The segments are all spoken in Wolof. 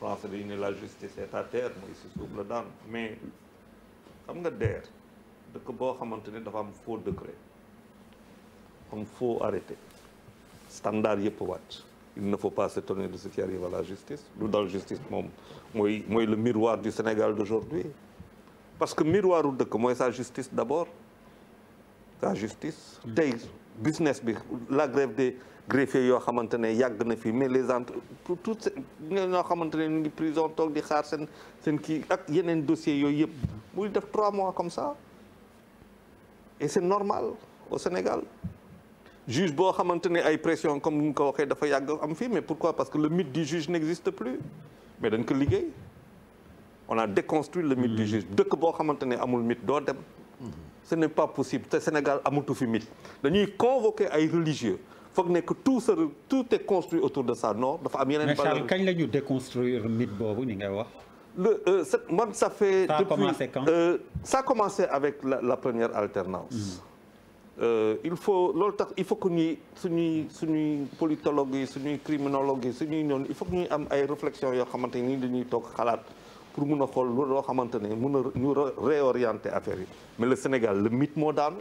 France dañu ne la justice est à terre mooy si suuf la daan mais xam nga DER dëkk boo xamante ne dafa am faux décret am faux arrêté standard yëpp wàcc il ne faut pas s'étonner de ce qui arrive à la justice lu dal justice moom mooy mooy le miroir du Sénégal d'aujourd'hui parce que miroiru dëkk mooy sa justice d'abord la justice tey business bi la grève des greffiers yoo xamante ne yàgg na fi mais les entre tout ñoo xamante ne ñu ngi prison toog di xaar seen sen kii ak yeneen dossiers yooyu yëpp muy def trois mois comme ça et c'est normal au Sénégal juge boo xamante ne ay pression comme ni ko waxee dafa yàgg am fi mais pourquoi parce que le mythe du juge n'existe plus mais dañ ko liggéey on a déconstruit le mythe di mm-hmm. juge dëkk boo xamante ne amul mythe doo dem mm-hmm. ce n'est pas possible te Sénégal amatu fi mit dañuy convoquer ay religieux foog nekk tout se tout est construit autour de ça non dafa am yeneen. mais Charles kañ la ñu déconstruire mythe boobu ni wax. le euh, man ça fait. ça a depuis, commencé quand euh, commencé avec la, la première alternance. Mm. il faut loolu tax il faut que ñuy suñuy suñuy politologues yi suñuy criminologues yi suñuy noonu il faut que ñuy am ay réflexions yoo xamante ni dañuy toog xalaat. pour mun a xool loo xamante ne mun a ñu réorienter affaire yi mais le Sénégal le mythe moo daanu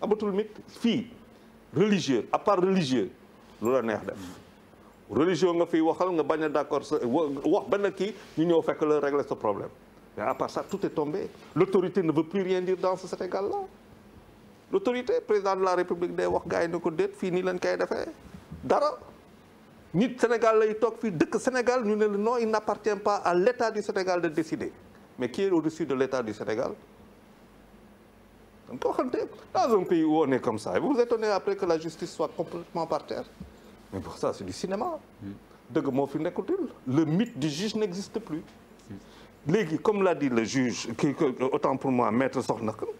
abatul mythe fii religieux à part religieux lu la neex def religion nga fiy waxal nga bañ a d'accord sa wax benn kii ñu ñëw fekk la régler ce problème mais à part ça tout est tombé l'autorité ne veut plus rien dire dans ce Sénégal là l'autorité président de la République day wax gars yi ne ko déet fii nii lañ koy defee dara nit Sénégal lay toog fii dëkk Sénégal ñu ne la non il n'appartient pas à l'État du Sénégal de décider mais qui est au-dessus de l'État du Sénégal donc waxante dans un pays où on est comme ça et vous étonnez après que la justice soit complètement par terre mais pour ça mm. moo fi nekkatul le mythe du juge n'existe plus mm. léegi comme l'a dit le juge qui autant pour moi maître Sokhna Kane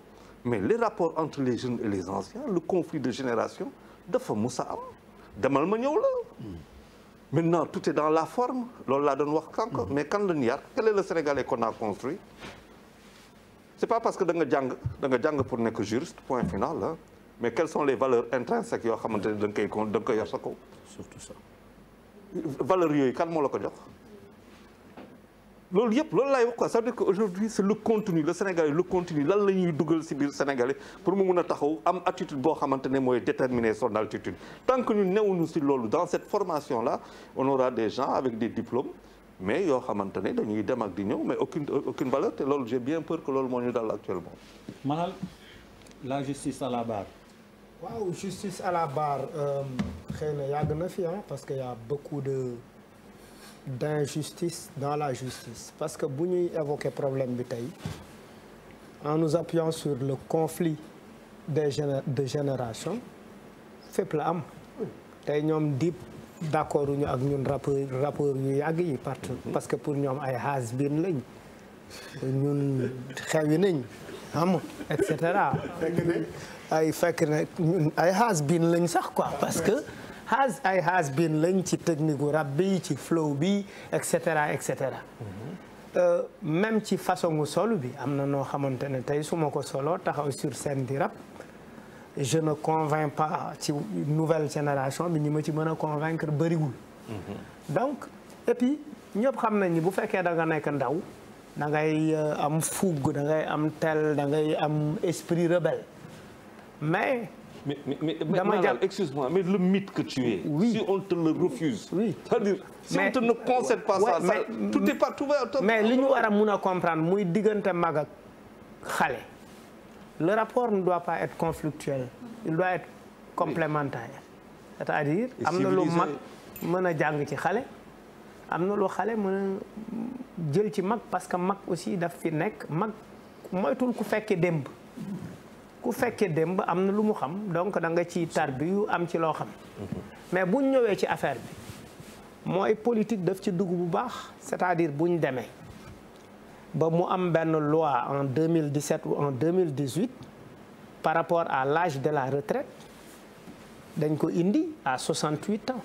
mais les rapports entre les jeunes et les anciens le conflit de génération de dafa musa am demal ma ñëw la mm. maintenant tout est dans la forme loolu laa doon wax kanko mm. mais kan la ñu yar quel est le sénégalais qu'on a construit c'est pas parce que da nga jàng da nga jàng pour nekk juriste point final hein mais quelles sont les valeurs intrinsèques yoo xamante ne da nga koy da nga koy yar sa kaw surtout ça valeurs yooyu kan moo la ko jox loolu yëpp loolu laay wax quoi ça veut dire que aujourd'hui c'est le contenu le Sénégalais le contenu la ñuy dugal ci biir Sénégalais pour mu mun a taxaw am attitude boo xamante ne mooy déterminer son altitude tant que ñu newuñu ci loolu dans cette formation là on aura des gens avec des diplômes mais yoo xamante ne dañuy dem ak di ñëw mais aucune aucune valeur te loolu j'ai bien peur que loolu moo ñu dal actuellement maanaam la justice à la barre waaw justice à la barre euh, xëy na yàgg na fi parce que y a beaucoup de d'injustice dans la justice parce que bu ñuy évoquer problème bi tey en nous appuyant sur le conflit des géné de génération fépp la am tey ñoom dip d'accord uñu ak ñun rappeur rappeur yu yàgg yi partout mm-hmm. parce que pour ñoom ay has-been lañ ñun xewi nañ xam et cetera ay fekk ne ñun ay has-been lañ sax quoi parce que has ay has been lañ ci technique gu rab bi ci flow bi et cetera et cetera. Euh, même ci façon gu sol bi am na noo xamante ne tey su ma ko soloo taxaw sur scène di rab je ne convainc pas ci nouvelle génération bi ñi ma ci mën a convaincre bëriwul. Mm-hmm. donc et puis ñëpp xam nañ ni bu fekkee da nga nekk ndaw da ngay euh, am fougue da ngay am tel dangay am esprit rebelle mais. mais mais mais daal excuse-moi mais le mythe que tu es. oui si on te le refuse. oui cest à mais li ñu war a mun a comprendre muy diggante mag ak xale. le rapport ne doit pas être conflictuel il doit être complémentaire. c'est-à-dire am na lu mag mën a jàng ci xale. am na lu xale mën a jël ci mag parce que mag aussi daf fi nekk mag moytul ku fekkee démb. ku fekkee démb am na lu mu xam donc da nga ci tarbiyu am ci loo xam mais buñ ñëwee ci affaire bi mooy politique def ci dugg bu baax c'est-à-dire buñ demee ba mu am benn loi en 2017 ou en 2018 par rapport à lage de la retraite dañ ko indi à 68 ans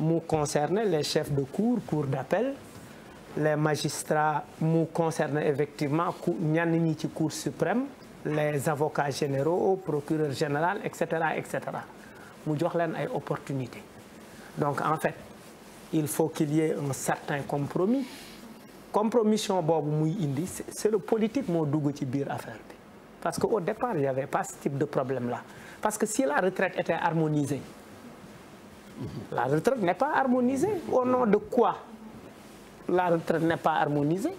mu concerne les chef de cour cour d'appel les magistrats mu concerne effectivement ku ñenn ñi ci cour suprême les avocats généraux procureur général et cetera et cetera mu jox leen ay opportunités donc en fait il faut qu'il y ait un certain compromis compromission boobu muy indi c'est le politique moo dugg ci biir affaire bi parce que au départ il y avait pas ce type de problème là parce que si la retraite était harmonisée la retraite n'est pas harmonisée au nom de quoi la retraite n'est pas harmonisée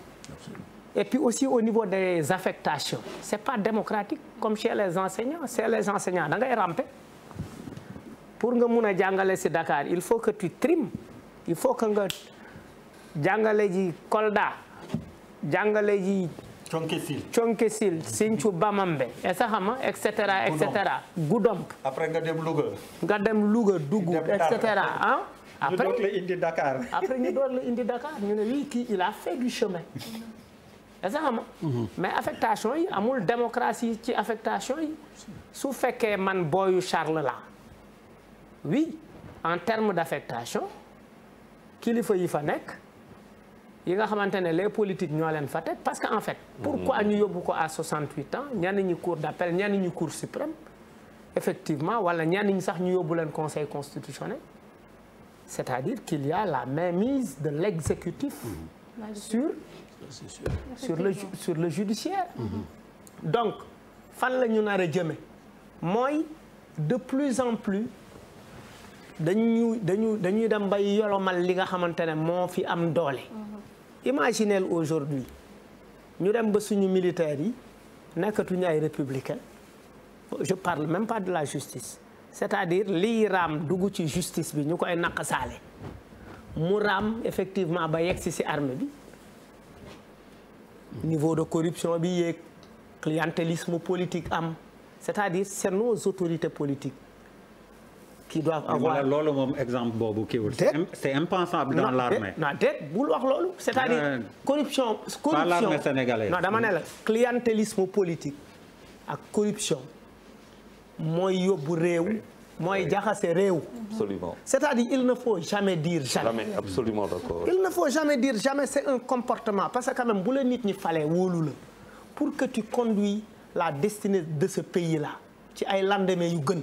et puis aussi au niveau des affectations c'est pas démocratique comme chez les enseignants chez les enseignants da ngay ramper pour nga mun a jàngale si Dakar il faut que tu trimes il faut que nga jàngale ji Kolda jàngale ji Thionckessil Thionckessil Sinthiou Bamambé et ça xam nga et cetera et cetera après nga dem Louga nga dem Louga Dougou et cetera ah après ñu doon la indi Dakar après ñu doon la indi Dakar ñu ne kii il a exactement mhm. mais affectation yi amul démocratie ci affectation yi su fekkee man booyu Charles la oui en terme d'affectation kilifa yi fa nekk yi nga xamante ne les politiques ñoo leen fa teg parce que en fait pourquoi mhm. ñu yóbbu ko à 68 ans ñenn ñi cour d'appel ñenn ñi cour suprême effectivement wala ñenn ñi sax ñu yóbbu leen conseil constitutionnel c'est-à-dire qu'il y a la mainmise de l'exécutif mhm. sur c'est sur le sur le judiciaire. Mm-hmm. donc fan la ñu nar a jëme mooy de plus en plus dañuy dañu dañuy dem bay yolomal li nga xamante ne moo fi am doole. Mm-hmm. imaginez aujourd'hui ñu dem ba suñu militaires yi nekkatuñu ay républicain je parle même pas de la justice c'est-à-dire lii raam dugg ci justice bi ñu koy naq saale mu raam effectivement ba yegg si si armée bi. niveau de corruption bi yeeg clientélisme politique am c'est-à-dire c'est nos autorités politiques qui doivent avoir loolu moom exemple boobu kiiwul. c'est impensable dans l'armée. non déet bul wax c'est-à-dire euh, corruption. corruption l'armée sénégalaise. non dama ne la mm. clientélisme politique ak corruption mooy yóbbu réew. mooy jaxase réew. absolument c'est-à-dire il ne faut jamais dire jamais. jamais absolument d'accord. il ne faut jamais c'est un comportement parce que quand même bu la nit ñi falee wóolu la pour que tu conduis la destinée de ce pays la ci ay lendemain yu gën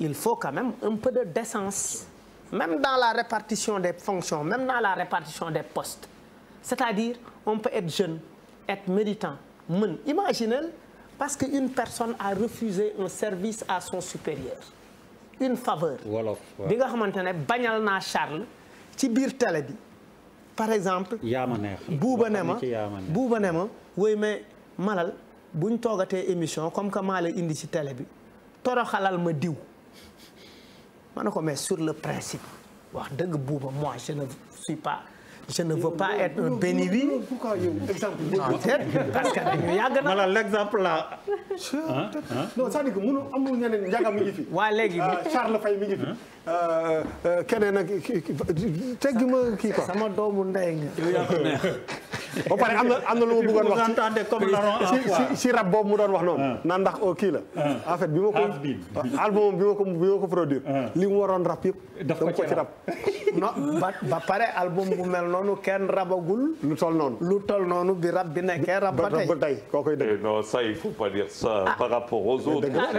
il faut quand même un peu de décence même dans la répartition des fonctions même dans la répartition des postes c'est-à-dire on peut être jeune être méritant mën imaginez parce que une personne a refusé un service à son supérieur une faveur bi nga xamante ne bañal naa Charles ci biir tele bi par exemple yaama neex buuba ne ma buuba ne ma woy mais malal buñ toogatee émission comme que maa la indi ci tele bi toroxalal ma diw ma ne ko mais sur le principe wax dëgg buuba moi je ne suis pas je ne veux pas être un béni-oui. pourquoi yow exemple. en fait parce que dañu yàgg na. voilà l'exemple là. non c'est-à-dire que mënu amul ñeneen njàngam mi ngi fi. waa léegi euh, Charles Faye mi ngi fi. Euh, euh, keneen ak teggi ma kii quoi. sama doomu ndey nga. ba pare am na am na lu ma bëggoon wax si rab boobu mu doon wax noonu ah. naan ndax o oh, kii la ah. en bi ma ko album bi ma ko bi ma ko produire ah. li mu waroon rab yëpp dama ko ci rab non ba pare album bu mel noonu kenn rabagul lu tol noonu lu tol noonu bi rab bi nekkee rab ba tey ba koo koy dégg eh non ça il faut pas dire ça par rapport aux autres wax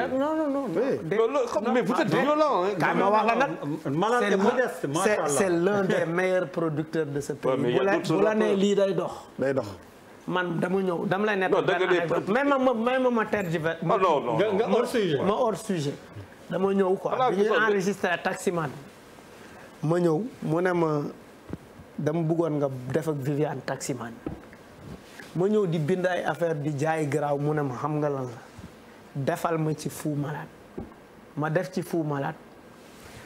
la nag c'est l'un des meilleurs producteurs de ce pays bu la nee lii day dox day dox. man dama ñëw dama lay nekk. non dëgg même ma ter ma ma tergiver. Ah, non non nga hors sujet. ma hors sujet dama ñëw quoi. taximan. ma ñëw mu ne ma dama buggoon nga def ak Viviane taximan. ma ñëw di bindaay affaire bi jaay garaaw mu ne ma xam nga la. defal ma ci Fou Malade ma def ci Fou Malade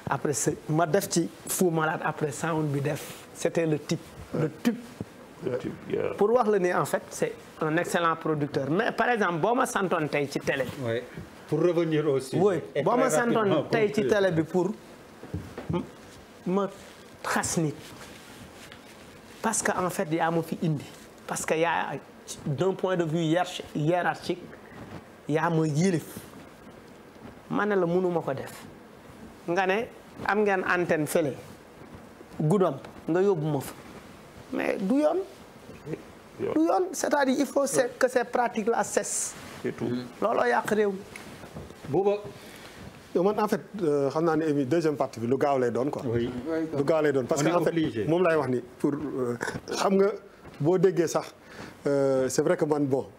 après ma def ci Fou Malade après sound bi def c'était le type le type. pour wax la ni en fait c' est un excellent producteur mais par exemple boo ma santoon tey ci télé. oui pour revenir aussi. oui boo ma santoon tey ci télé bi pour ma xas nit parce que en fait yaa ma fi indi parce que yaa d'un point de vue hiérarchique yaa ma yilif ma ne la mënuma ko def nga ne am ngeen antenne fële guddoom nga yóbbu ma fa. mais du yoon du yoon c'est-à-dire il faut que ces pratiques là cessent looloo yàq réew man en euh, xam naa ne émi deuxième partie bi lu gaaw lay doon quoi lu gaaw lay doon parce que en fait moom lay wax ni pour euh, xam nga boo déggee sax euh, c'est vrai que man bon